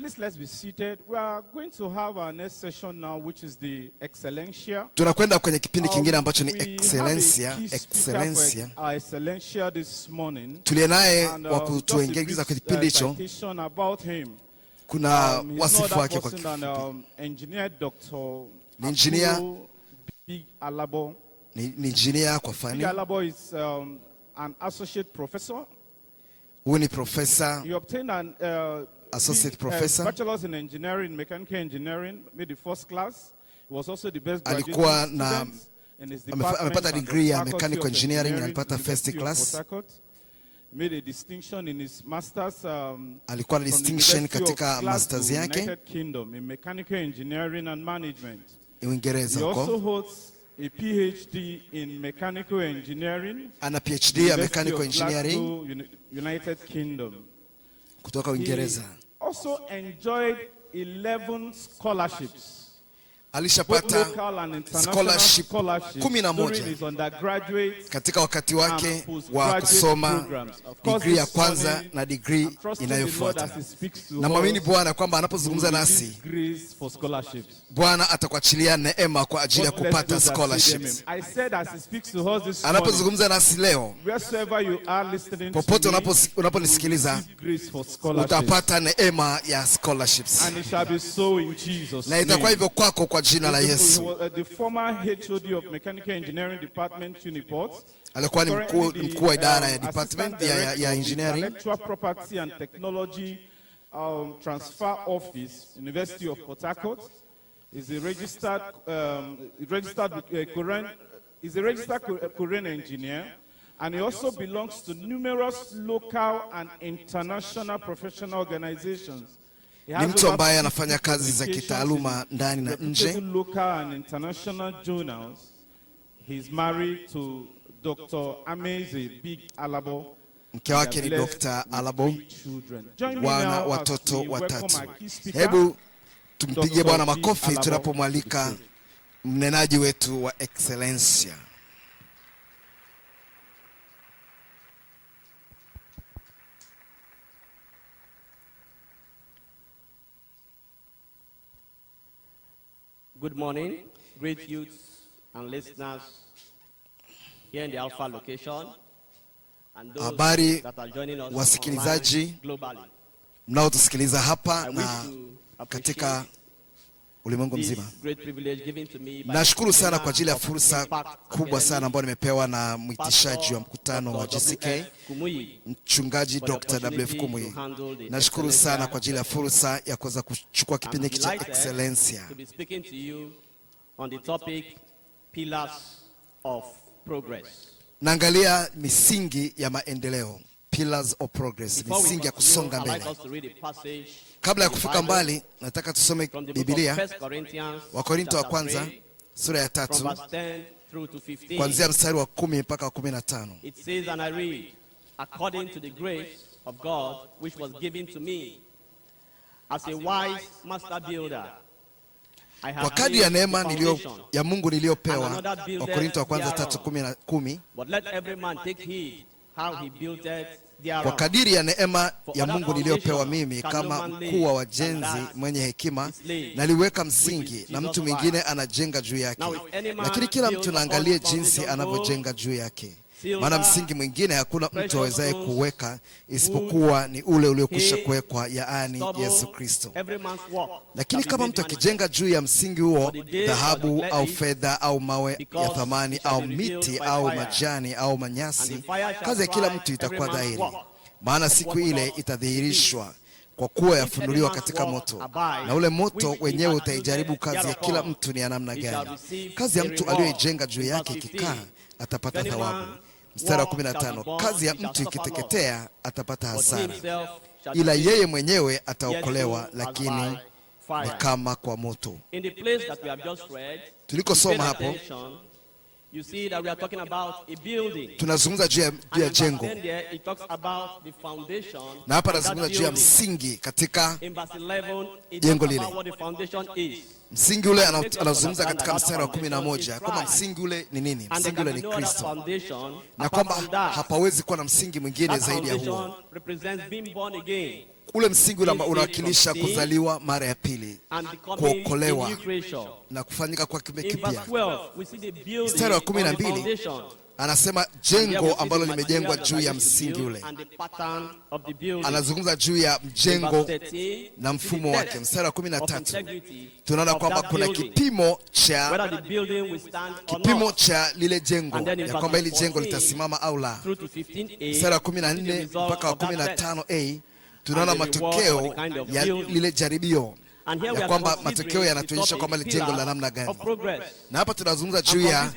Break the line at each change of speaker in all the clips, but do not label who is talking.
Please let's be seated. We are going to have our next session now which is the excellencia.
Tunakwenda kwenye kipindi uh, kingine ambacho ni excellencia, excellencia.
Our excellencia this morning.
Tulie naye uh, wa kutuengeza kwenye kipindi hicho. Kuna um, wasifu wake kwa kifupi. Um,
engineer Dr.
Ni engineer
Big Alabo.
Ni engineer kwa fani.
Big Alabo is um, an associate professor.
Huyu ni professor.
He obtained an uh, associate he, uh, professor. Uh, Bachelor's in engineering, mechanical engineering, made the first class. He was also the best alikuwa na
amepata degree ya mechanical engineering na alipata first class.
Made a distinction in his masters, um,
alikuwa na distinction katika masters yake United
Kingdom in mechanical engineering and management.
He also holds
A PhD in mechanical engineering.
Ana PhD ya mechanical engineering
United Kingdom
kutoka Uingereza.
also enjoyed 11 scholarships
alishapata scholarship 11 katika wakati wake wa kusoma digrii ya kwanza na digrii inayofuata. Namwamini Bwana kwamba anapozungumza nasi, Bwana atakuachilia neema kwa ajili ya kupata scholarships. Anapozungumza nasi leo, popote unaponisikiliza, utapata neema ya scholarships, na itakuwa hivyo kwako kwa kwa jina la Yesu. Uh,
the former HOD of Mechanical Engineering Department Uniport. Alikuwa ni mkuu mkuu wa idara ya um, department ya ya engineering. Intellectual Property and Technology um, Transfer Office, University of Port Harcourt. Is a registered um, registered uh, current is a registered uh, current engineer and he also belongs to numerous local and international professional organizations ni mtu ambaye anafanya kazi za kitaaluma ndani na nje.
Mke wake ni Dr. Alabo, wana watoto watatu. Hebu tumpigie Bwana makofi tunapomwalika mnenaji wetu wa Excellencia.
Good morning, great youths and listeners here in the Alpha location
and those habari that are joining us wasikilizaji globally. mnaotusikiliza hapa I na to appreciate katika ulimwengu mzima. Nashukuru sana kwa ajili ya fursa kubwa sana ambayo nimepewa na mwitishaji wa mkutano wa GCK mchungaji Dr. WF Kumui. Nashukuru sana kwa ajili ya fursa ya kuweza kuchukua kipindi hiki cha excellencia naangalia misingi ya maendeleo, pillars of progress, misingi ya kusonga mbele. Kabla ya kufika mbali, nataka tusome Biblia, Wakorintho wa kwanza sura ya tatu kuanzia mstari wa kumi mpaka wa kumi na tano.
It says and I read according to the grace of God which was given to me as a wise master builder
kwa kadi ya neema nilio ya Mungu niliyopewa. Wakorintho wa kwanza 3:10.
But let every man take heed how he builded
kwa kadiri ya neema ya Mungu niliyopewa mimi kama mkuu wa wajenzi mwenye hekima, naliweka msingi na mtu mwingine anajenga juu yake, lakini kila mtu naangalie jinsi anavyojenga juu yake maana msingi mwingine hakuna mtu awezaye kuweka isipokuwa ni ule uliokwisha kuwekwa, yaani Yesu Kristo. Lakini kama mtu akijenga juu ya msingi huo, dhahabu au fedha au mawe ya thamani au miti au majani au manyasi, kazi ya kila mtu itakuwa dhahiri, maana siku ile itadhihirishwa kwa kuwa yafunuliwa katika moto, na ule moto wenyewe utaijaribu kazi ya kila mtu ni ya namna gani. Kazi ya mtu aliyoijenga juu yake ikikaa, atapata thawabu mstari wa 15, kazi ya mtu ikiteketea atapata hasara, ila yeye mwenyewe ataokolewa, lakini ni kama kwa moto. Tulikosoma hapo tunazungumza juu ya jengo na hapa anazungumza juu ya msingi katika jengo lile. Msingi ule anazungumza katika mstari wa kumi na moja kwamba msingi ule ni nini? Msingi ule ni Kristo, na kwamba hapawezi kuwa na msingi mwingine zaidi ya huo. Ule msingi ule unawakilisha kuzaliwa mara ya pili, kuokolewa na kufanyika kwa kipya. Mstari wa kumi na mbili anasema jengo ambalo limejengwa juu ya msingi ule. Anazungumza juu ya mjengo na mfumo wake. Mstari wa kumi na tatu tunaona kwamba kuna kipimo cha kipimo cha lile jengo, ya kwamba hili jengo litasimama au la. Mstari wa kumi na nne mpaka wa kumi na tano a tunaona matokeo ya lile jaribio ya kwamba matokeo yanatuonyesha kwamba jengo la namna gani, na hapa tunazungumza juu ya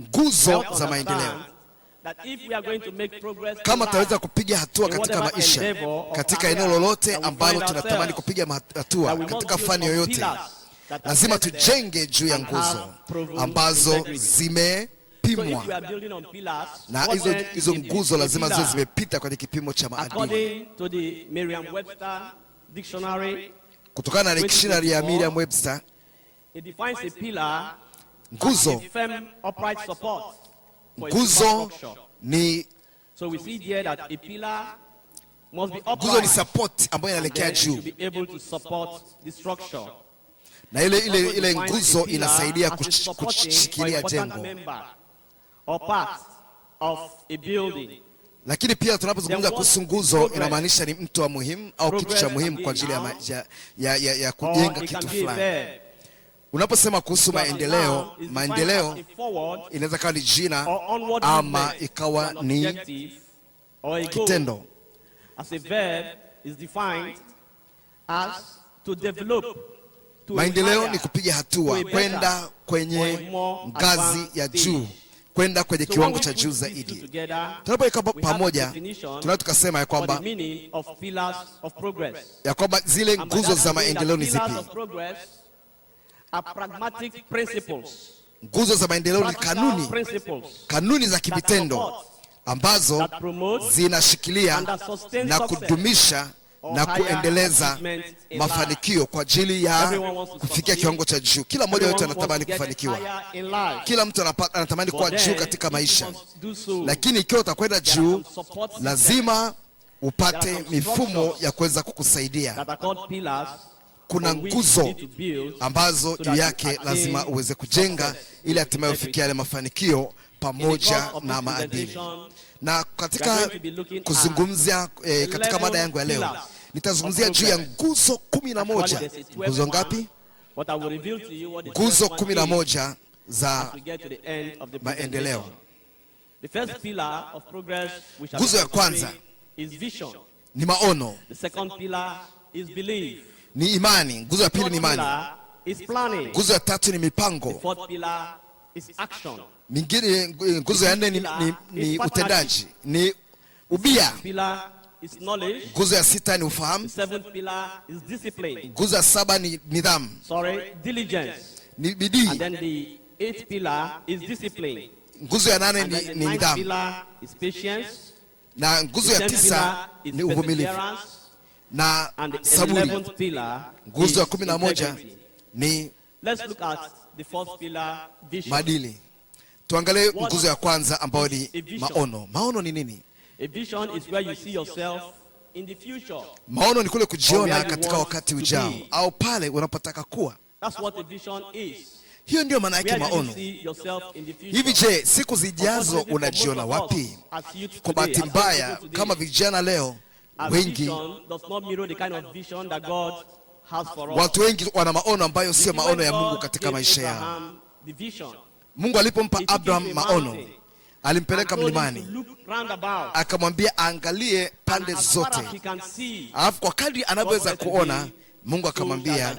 nguzo za maendeleo. Kama tutaweza kupiga hatua katika maisha, katika eneo lolote ambalo tunatamani kupiga hatua, katika fani yoyote, lazima tujenge juu ya nguzo ambazo zime pimwa na hizo hizo nguzo lazima ziwe zimepita kwenye kipimo cha maadili kutokana na dictionary ya Merriam Webster. Nguzo, nguzo ni
so we see that a pillar must be
nguzo ni support ambayo inaelekea juu, be able to support the structure na ile ile ile nguzo inasaidia kushikilia jengo
of a building
lakini pia tunapozungumza kuhusu nguzo inamaanisha ni mtu wa muhimu au kitu cha muhimu kwa ajili ya, ya, ya, ya kujenga kitu fulani. Unaposema kuhusu maendeleo, maendeleo inaweza ikawa ni jina ama ikawa ni kitendo. Maendeleo ni kupiga hatua kwenda kwenye ngazi ya juu kwenda kwenye so kiwango cha juu zaidi. Tunapoikaa pamoja, tunaweza tukasema ya kwamba ya kwamba zile nguzo za maendeleo ni zipi?
are pragmatic principles.
Nguzo za maendeleo ni kanuni kanuni za kivitendo ambazo zinashikilia na kudumisha na kuendeleza mafanikio kwa ajili ya kufikia kiwango cha juu. Kila mmoja wetu anatamani kufanikiwa, kila mtu anatamani kuwa juu katika maisha, lakini ikiwa utakwenda juu, lazima upate mifumo ya kuweza kukusaidia kuna nguzo ambazo juu yake lazima uweze kujenga ili hatimaye ufikia yale mafanikio pamoja na maadili. Na katika kuzungumzia eh, katika mada yangu ya leo nitazungumzia juu ya nguzo kumi na moja. Nguzo ngapi? Nguzo kumi na moja za maendeleo. Nguzo ya kwanza ni maono.
The second pillar is belief
ni imani. Nguzo ya pili ni imani.
Nguzo ya tatu ni mipango.
Mingine, eh, nguzo ya nne ni, ni, ni utendaji, ni ubia. Nguzo ya sita ni ufahamu. Nguzo ya saba ni nidhamu, ni bidii. Nguzo ya nane ni nidhamu, na nguzo ya tisa ni uvumilivu na saburi. Nguzo ya kumi na moja ni maadili. Tuangalie nguzo ya kwanza ambayo ni maono. Maono ni nini? Maono ni kule kujiona katika wakati ujao au pale unapotaka kuwa. Hiyo ndiyo maana yake maono. Hivi je, siku zijazo unajiona wapi? Kwa bahati mbaya, kama vijana leo wengi watu wengi wana maono ambayo sio maono ya Mungu katika maisha yao. Mungu alipompa Abraham maono alimpeleka mlimani akamwambia aangalie pande zote, alafu kwa kadri anavyoweza kuona Mungu akamwambia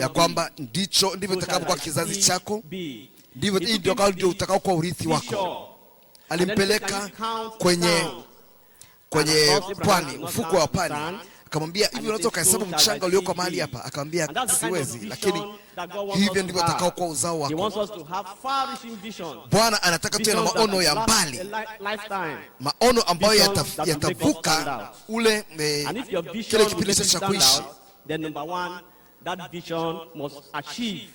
ya kwamba ndicho ndivyo itakapokuwa kizazi chako, ndivyo ndio utakaokuwa urithi wako. Alimpeleka kwenye kwenye pwani, ufuko wa pwani. Akamwambia, hivi unaweza ukahesabu mchanga ulioko mahali hapa? Akamwambia, siwezi, lakini hivyo ndivyo atakao uzao wako. Bwana anataka tuwe na maono ya mbali, maono ambayo yatavuka ule eh, kile kipindi cha kuishi.
That vision must achieve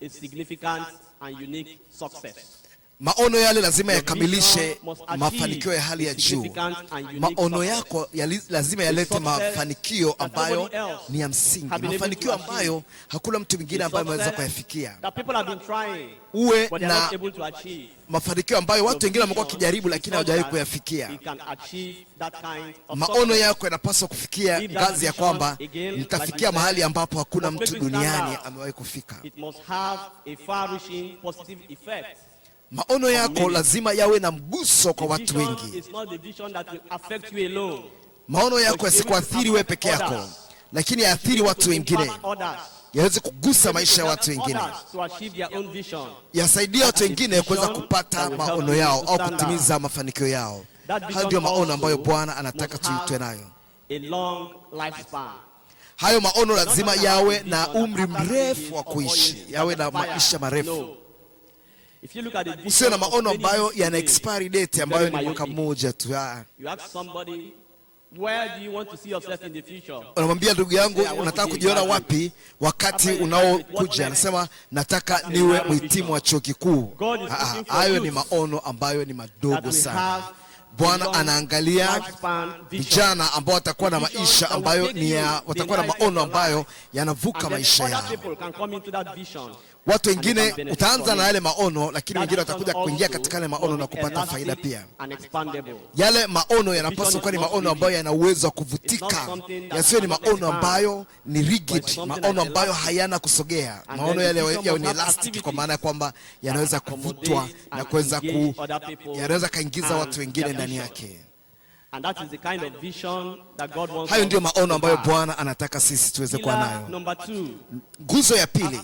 a significant and unique success.
Maono yale lazima yakamilishe mafanikio ya hali ya juu. Maono yako ya lazima yalete mafanikio ambayo ni ya msingi, mafanikio ambayo hakuna mtu mwingine ambaye ameweza kuyafikia. Uwe na mafanikio ambayo watu wengine wamekuwa wakijaribu lakini hawajawahi kuyafikia. Maono yako yanapaswa kufikia ngazi ya kwamba nitafikia mahali ambapo hakuna mtu duniani amewahi kufika. Maono yako lazima yawe na mguso kwa watu wengi. Maono yako yasikuathiri wewe peke yako, lakini yaathiri watu wengine, yaweze kugusa maisha ya watu wengine, yasaidia watu wengine kuweza kupata maono yao au kutimiza mafanikio yao. Hayo ndiyo maono ambayo Bwana anataka tuitwe nayo. Hayo maono lazima yawe na umri mrefu wa kuishi, yawe na maisha marefu usio na maono ambayo yana expiry date ambayo ni mwaka mmoja tu. Unamwambia ndugu yangu, unataka kujiona wapi wakati unaokuja? Anasema nataka niwe mhitimu wa chuo kikuu. Ah, ah, hayo ni maono ambayo ni madogo sana. Bwana anaangalia vijana ambao watakuwa na maisha ambayo ni watakuwa na maono ambayo yanavuka maisha yao. Watu wengine utaanza na yale maono, lakini wengine watakuja kuingia katika yale maono na kupata faida pia. Yale maono yanapaswa kuwa ni maono ambayo yana uwezo wa kuvutika, yasiyo ni maono ambayo ni rigid, maono ambayo hayana kusogea, maono yale yao ni elastic, kwa maana ya kwamba yanaweza kuvutwa na kuweza ku yanaweza kaingiza watu wengine ndani yake.
And that is the kind of vision that God wants.
Hayo ndio maono ambayo Bwana anataka sisi tuweze kuwa nayo. nguzo ya pili.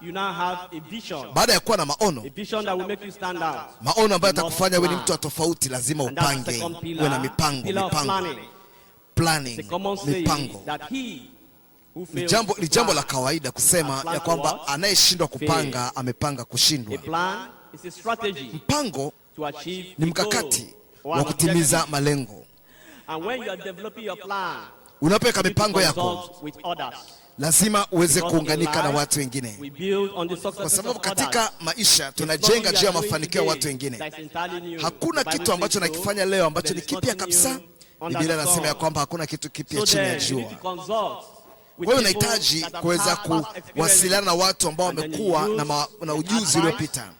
You have a vision. Baada ya kuwa na maono, a vision that will make you stand out. Maono ambayo atakufanya wewe ni mtu wa tofauti, lazima upange, uwe na mipango, mipango. Planning, mipango. Ni jambo, ni jambo la kawaida kusema ya kwamba anayeshindwa kupanga amepanga kushindwa. Mpango ni mkakati wa kutimiza malengo. And when you are developing your plan, unapoweka mipango yako lazima uweze kuunganika na watu wengine, kwa sababu katika maisha tunajenga juu ya mafanikio ya watu wengine. Hakuna kitu ambacho nakifanya leo ambacho ni kipya kabisa. Biblia inasema ya kwamba hakuna kitu kipya chini ya jua. Kwa hiyo unahitaji kuweza kuwasiliana na watu ambao wamekuwa na, na ujuzi uliopita.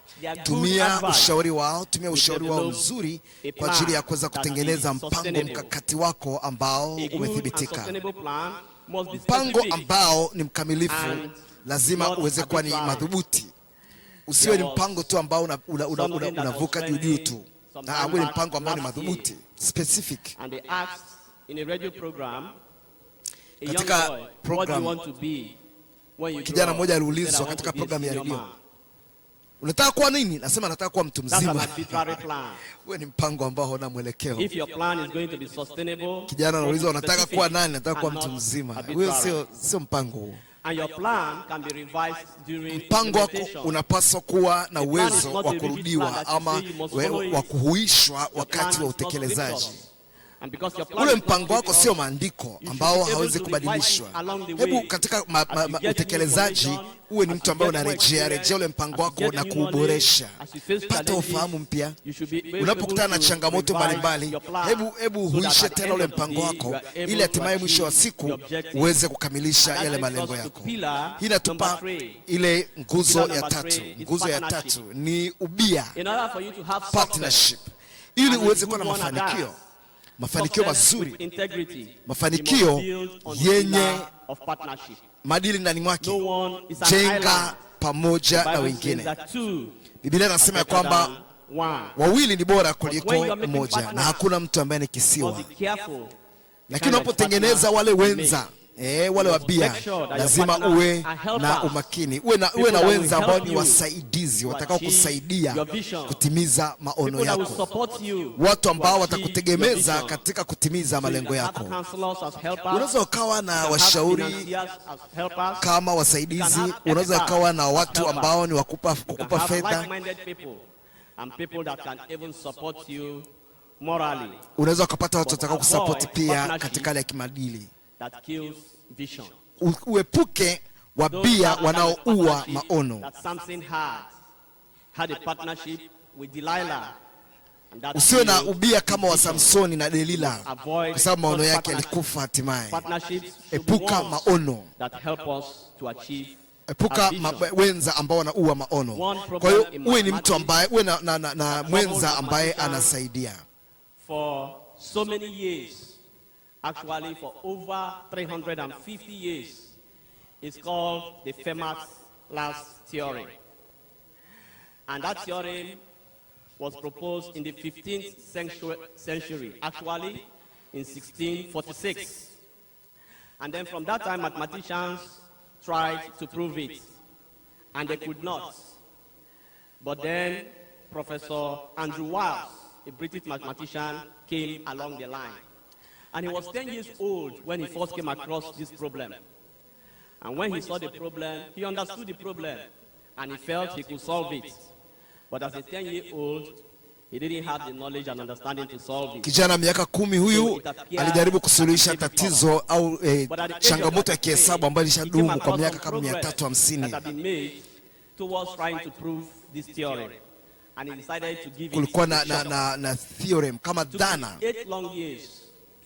Tumia ushauri wao, tumia ushauri wao mzuri kwa ajili ya kuweza kutengeneza mpango mkakati wako ambao umethibitika. Mpango ambao ni mkamilifu lazima uweze kuwa ni madhubuti, usiwe ni mpango tu ambao unavuka una, una, una, una juu juu tu, na awe ni mpango ambao ni madhubuti specific.
Katika program kijana mmoja aliulizwa katika programu ya redio,
unataka kuwa nini? Nasema nataka kuwa mtu mzima. Wewe ni mpango ambao una mwelekeo. Kijana anaulizwa unataka kuwa nani? Nataka kuwa mtu mzima. Huyo sio sio mpango huo. Mpango wako unapaswa kuwa na uwezo wa kurudiwa ama wa kuhuishwa wakati wa utekelezaji. Ule mpango wako sio maandiko ambao hawezi kubadilishwa. Hebu katika utekelezaji uwe ni mtu ambaye unarejea rejea ule mpango wako na kuuboresha. Pata ufahamu mpya unapokutana na changamoto mbalimbali, hebu hebu huishe tena ule mpango wako, ili hatimaye mwisho wa siku uweze kukamilisha yale malengo yako. Hii inatupa ile nguzo ya tatu. Nguzo ya tatu ni ubia, partnership, ili uweze kuwa na mafanikio mafanikio mazuri, mafanikio yenye maadili ndani mwake. jenga pamoja na wengine. Biblia inasema ya kwamba wawili ni bora kuliko mmoja, na hakuna mtu ambaye ni kisiwa, lakini unapotengeneza wale wenza Eh, wale wa bia lazima uwe na umakini, uwe na, uwe na wenza ambao ni wasaidizi watakao kusaidia kutimiza maono yako, watu ambao watakutegemeza katika kutimiza malengo yako. Unaweza ukawa na washauri kama wasaidizi, unaweza ukawa na watu ambao ni wakupa kukupa fedha unaweza ukapata watu watakao kusapoti pia katika hali ya kimadili that kills vision. Uepuke wabia wanaoua maono. That Samson had
had a partnership with Delilah.
Usiwe na ubia kama wa Samsoni na Delila, kwa sababu maono yake yalikufa hatimaye. Epuka maono, epuka wenza ambao wanaua maono. Kwa hiyo uwe ni mtu ambaye uwe na, na, na, na mwenza ambaye anasaidia.
For so many years actually for over 350 years. It's called the famous last theorem. And that theorem was proposed in the 15th century, actually in 1646. And then from that time, mathematicians tried to prove it, and they could not. But then Professor Andrew Wiles, a British mathematician, came along the line. And he was 10 years old when he first came across this problem. And when he saw the problem, he understood the problem and he felt he could solve it. But as a 10 year old, he didn't have the knowledge and understanding to solve it.
Kijana miaka kumi huyu alijaribu kusuluhisha tatizo au eh, changamoto ya kihesabu ambayo ilishadumu kwa miaka kama 350.
Towards trying to prove this theorem. And he decided to give it
kulikuwa na, na, na, na theorem kama dhana. 8 long years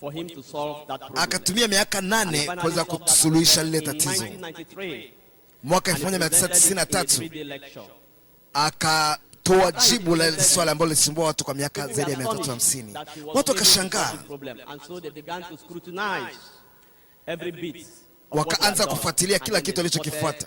for him to solve that problem. Akatumia miaka nane kuweza kusuluhisha lile tatizo. Mwaka 1993 akatoa jibu la swali ambalo lilisumbua watu kwa miaka zaidi ya 350. Watu wakashangaa, wakaanza kufuatilia kila kitu alichokifuata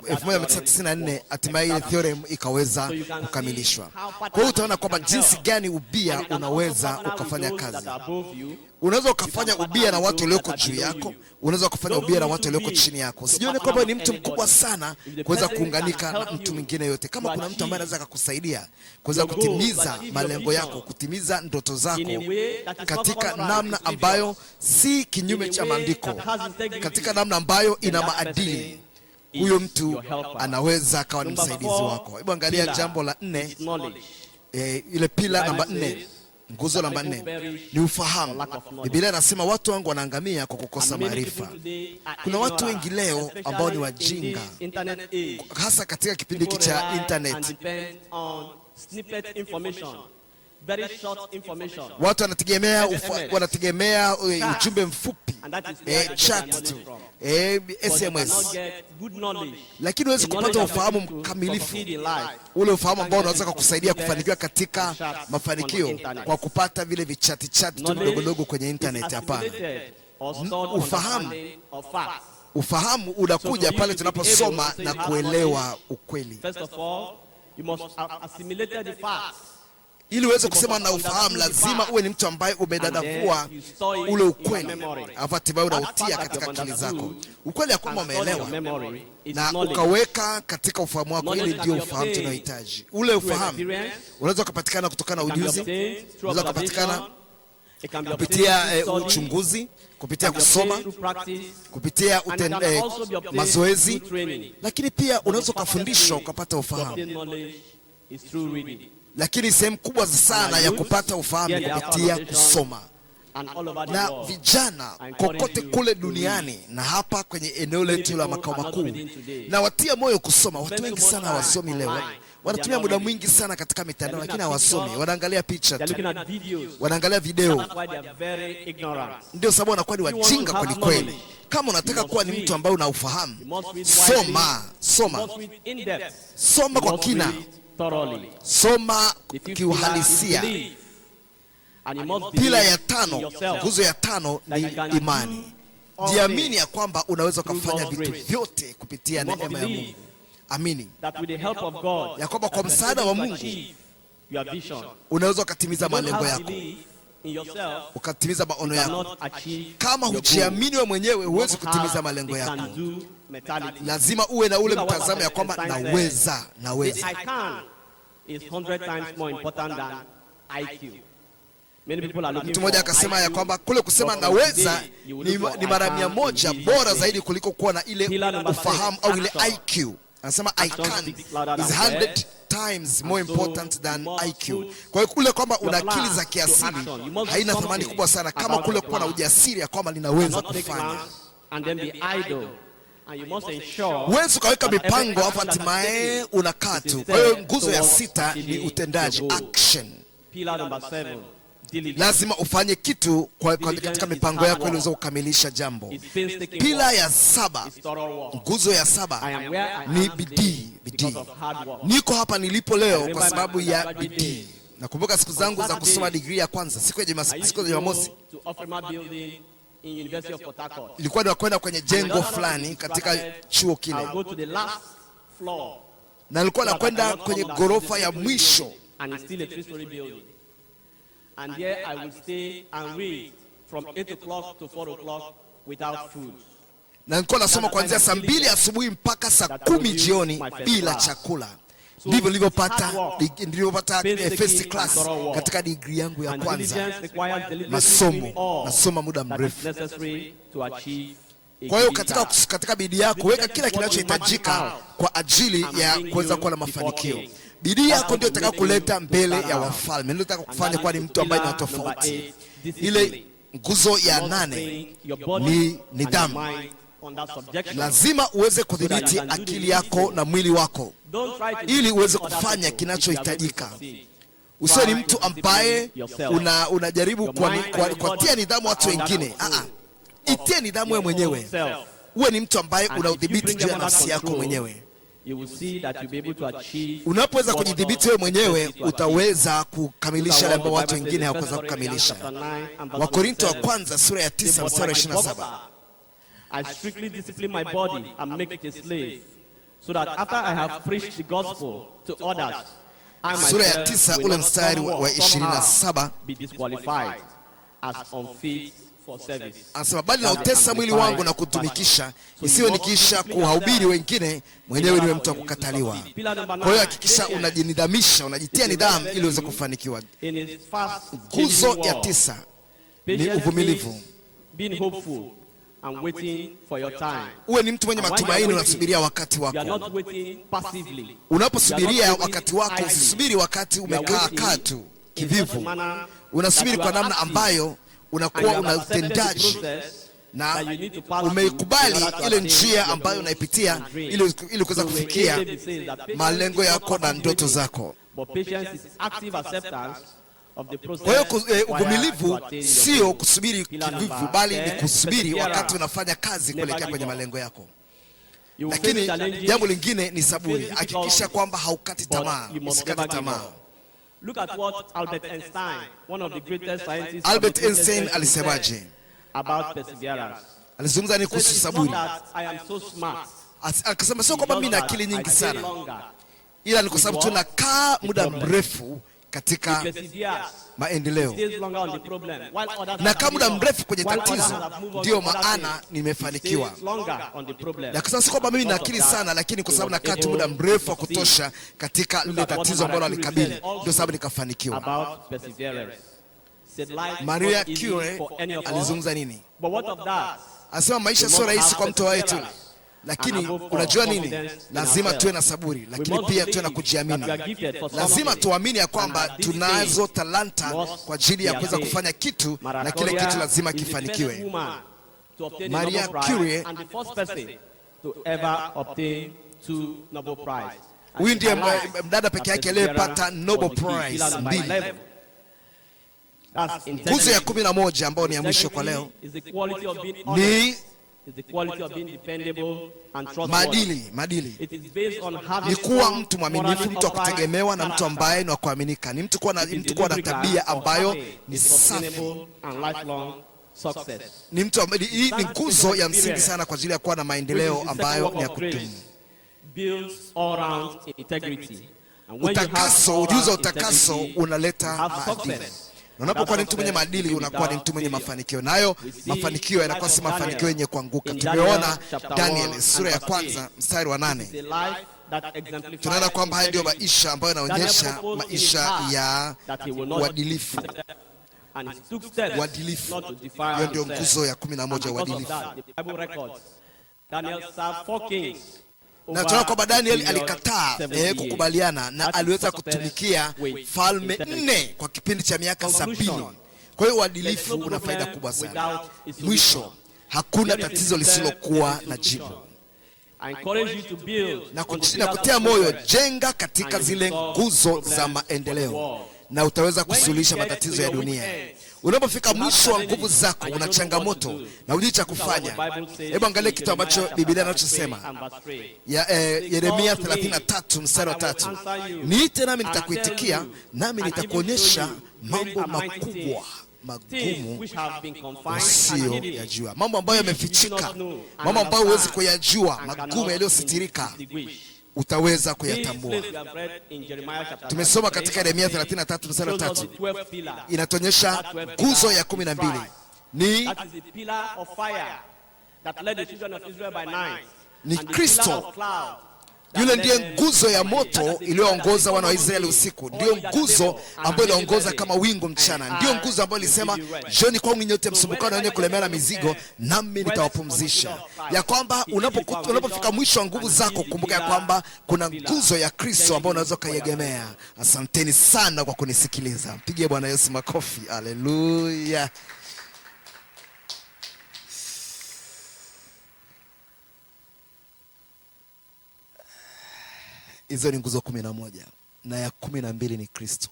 1994 hatimaye ile theorem ikaweza kukamilishwa. Kwa hiyo utaona kwamba jinsi gani ubia unaweza ukafanya kazi. Unaweza ukafanya ubia na watu walioko juu yako, unaweza ukafanya ubia na watu walioko chini yako. Sijione kwamba ni mtu mkubwa sana kuweza kuunganika na mtu mwingine yote. Kama kuna mtu ambaye anaweza akakusaidia kuweza kutimiza malengo yako, kutimiza ndoto zako katika namna ambayo si kinyume cha maandiko, katika namna ambayo ina maadili huyo mtu anaweza akawa ni msaidizi wako. Hebu angalia jambo la nne, e, ile pila namba nne, nguzo namba nne ni ufahamu. Biblia inasema watu wangu wanaangamia kwa kukosa maarifa. Kuna watu wengi leo ambao ni wajinga, hasa katika kipindi hiki cha internet very short information. Watu wanategemea wanategemea eh, ujumbe mfupi eh, chat tu eh, SMS, lakini huwezi kupata ufahamu mkamilifu, ule ufahamu ambao unaweza kukusaidia kufanikiwa katika mafanikio kwa kupata vile vichati chati tu vidogo kwenye internet. Hapana, ufahamu ufahamu unakuja pale tunaposoma na kuelewa ukweli. First of all, you must assimilate the facts ili uweze kusema na ufahamu, lazima uwe ni mtu ambaye umedadavua ule ukweli, hatimaye unautia katika akili zako, ukweli ya kwamba umeelewa na ukaweka katika ufahamu wako. Ili ndio ufahamu tunaohitaji. Ule ufahamu unaweza ukapatikana kutokana na ujuzi, unaweza ukapatikana kupitia eh, uchunguzi, kupitia kusoma, kupitia eh, mazoezi, lakini pia unaweza ukafundishwa ukapata ufahamu lakini sehemu kubwa sana ya kupata ufahamu kupitia kusoma na vijana kokote kule duniani na hapa kwenye eneo letu la makao makuu, na watia moyo kusoma. Watu wengi sana hawasomi leo, wanatumia muda mwingi sana katika mitandao, lakini hawasomi, wanaangalia picha tu, wanaangalia video. Ndio sababu wanakuwa ni wajinga kweli kweli. Kama unataka kuwa ni mtu ambaye una ufahamu, soma, soma, soma kwa kina. Soma kiuhalisia. Pila ya tano, nguzo ya tano ni imani. Jiamini ya kwamba unaweza ukafanya vitu vyote kupitia neema ya Mungu. Amini ya kwamba kwa msaada wa Mungu unaweza ukatimiza malengo yako ukatimiza maono yako. Kama hujiamini wewe mwenyewe, huwezi kutimiza malengo yako mentality. Lazima uwe na ule mtazamo ya kwamba naweza, naweza.
I can is 100 times more important than IQ.
Mtu mmoja akasema ya kwamba kule kusema naweza ni, ni mara mia moja bora zaidi kuliko kuwa na ile ufahamu au ile IQ. Anasema I can is 100 times more important than IQ. Kwa hiyo kule kwamba una akili za kiasili haina thamani kubwa sana kama kule kuwa na ujasiri ya kwamba ninaweza kufanya. and then be idle. Ah, Huwezi ukaweka mipango hapo hatimaye unakaa tu. Kwa hiyo nguzo ya sita ni utendaji, action. Lazima ufanye kitu kwa, kwa katika mipango yako iliweza kukamilisha jambo. Pila ya saba, nguzo ya saba ni bidii. Bidii, niko hapa nilipo leo kwa sababu ya bidii. Nakumbuka siku zangu za kusoma digrii ya kwanza, siku ya Jumamosi in University of Port Harcourt. Ilikuwa nakwenda kwenye jengo fulani katika chuo kile. I'll go to the last floor. Na nilikuwa nakwenda kwenye gorofa ya mwisho. And it's still a three story building.
And there I will stay and read from 8 o'clock to 4 o'clock without food.
Na nilikuwa nasoma kuanzia saa mbili asubuhi mpaka saa kumi jioni bila chakula ndivyo nilivyopata nilivyopata eh, first class katika digrii yangu ya kwanza. Masomo nasoma muda mrefu. Kwa hiyo katika, katika bidii yako weka kila kinachohitajika kwa ajili ya kuweza kuwa na mafanikio. Bidii yako ndio kuleta mbele ya wafalme, ndio kufanya kuwa ni mtu ambaye ni tofauti. Ile nguzo ya nane ni nidhamu lazima uweze kudhibiti akili yako na mwili wako ili uweze kufanya kinachohitajika. Usiwe ni mtu ambaye una, unajaribu kuwatia nidhamu watu wengine. Ah, ah. Itie nidhamu wewe mwenyewe, uwe ni mtu ambaye unaudhibiti juu ya nafsi yako mwenyewe. Unapoweza kujidhibiti wewe mwenyewe, utaweza kukamilisha yale ambao watu wengine hawakuweza kukamilisha. Wakorinto wa kwanza sura ya 9 mstari 27.
I strictly discipline my body and make it a slave, so that after I have preached the gospel to others, I sura ya tisa
ule wa be disqualified as unfit for service. Anasema bali nautesa mwili wangu na kutumikisha, isiwe nikiisha kuhaubiri wengine mwenyewe niwe mtu wa kukataliwa. Kwa hiyo hakikisha unajinidhamisha, unajitia nidhamu ili uweze kufanikiwa. Nguzo ya tisa ni uvumilivu and waiting for your time. Uwe ni mtu mwenye matumaini, unasubiria wakati wako. You are not waiting passively. Unaposubiria wakati wako, usisubiri wakati umekaa katu kivivu. Unasubiri kwa namna ambayo unakuwa una utendaji na umeikubali ile njia ambayo unaipitia ili kuweza kufikia malengo yako na ndoto zako. But patience is active acceptance kwa hiyo eh, uvumilivu sio kusubiri kivivu, bali ni eh, kusubiri wakati unafanya kazi kuelekea kwenye malengo yako. Lakini jambo lingine ni saburi. Hakikisha kwamba haukati tamaa, usikati tamaa.
Look at what Albert Einstein, one of the greatest scientists.
Albert Einstein alisemaje? About perseverance. Alizungumza ni kuhusu saburi. I am so smart. Akasema sio kwamba mimi na akili nyingi sana, ila ni kwa sababu tunakaa muda mrefu katika maendeleo nakaa muda mrefu kwenye tatizo, ndiyo maana nimefanikiwa. Na si kwamba mimi na akili sana, lakini kwa sababu nakaa tu muda mrefu wa kutosha katika lile tatizo ambalo alikabili, ndio sababu nikafanikiwa. Maria Curie alizungumza nini? Anasema maisha sio rahisi kwa mtu wa yetu lakini unajua nini, lazima tuwe na saburi, lakini pia tuwe na kujiamini. Lazima tuamini ya kwamba tunazo talanta kwa ajili ya kuweza kufanya kitu, na kile kitu lazima kifanikiwe. Maria Curie huyu ndiye mdada peke yake aliyepata Nobel Prize mbili. Nguzo ya kumi na moja ambayo ni ya mwisho kwa leo ni is the quality of being dependable and trustworthy. Madili, madili. It is based on having ni kuwa mtu mwaminifu, mtu wa kutegemewa na mtu ambaye ni wa kuaminika, ni mtu kuwa na mtu kuwa na tabia ambayo ni safi and lifelong success. Ni mtu ambaye hii ni nguzo ya msingi sana kwa ajili ya kuwa na maendeleo ambayo ni ya kudumu. Builds all round integrity. Utakaso, ujuzi wa utakaso unaleta maadili. Unapokuwa ni mtu mwenye maadili, unakuwa ni mtu mwenye mafanikio, nayo mafanikio yanakuwa si mafanikio yenye kuanguka. Tumeona Daniel sura ya kwanza mstari wa nane tunaona kwamba haya ndiyo maisha ambayo yanaonyesha maisha ya uadilifu uadilifu. Hiyo ndio nguzo ya kumi na moja uadilifu na tunaona kwamba Daniel alikataa eh, kukubaliana na aliweza kutumikia falme nne kwa kipindi cha miaka sabini. Kwa hiyo uadilifu una faida kubwa sana. Mwisho, hakuna tatizo lisilokuwa na jibu na kutia moyo, jenga katika zile nguzo za maendeleo na utaweza kusuluhisha matatizo ya dunia. Unapofika mwisho wa nguvu zako, una changamoto na hujui cha kufanya, hebu angalia kitu ambacho Biblia inachosema eh, Yeremia 33 mstari wa 3, niite nami nitakuitikia, nami nitakuonyesha mambo makubwa magumu yajua mambo ambayo yamefichika, mambo ambayo huwezi kuyajua, magumu yaliyositirika utaweza kuyatambua. Tumesoma katika Yeremia 333 inatonyesha kuzo inatuonyesha nguzo ya kumi na mbili ni ni Kristo yule ndiye nguzo ya moto iliyoongoza wana wa Israeli usiku, ndiyo nguzo ambayo iliongoza kama wingu mchana, ndiyo nguzo ambayo ilisema jioni, kwangu nyote msumbukao na wenye mizigo, nami nitawapumzisha. Ya kwamba unapofika mwisho wa nguvu zako, kumbuka ya kwamba kuna nguzo ya Kristo ambayo unaweza ukaiegemea. Asanteni sana kwa kunisikiliza. Mpigie Bwana Yesu makofi. Haleluya. Hizo ni nguzo kumi na moja na ya kumi na mbili ni Kristo.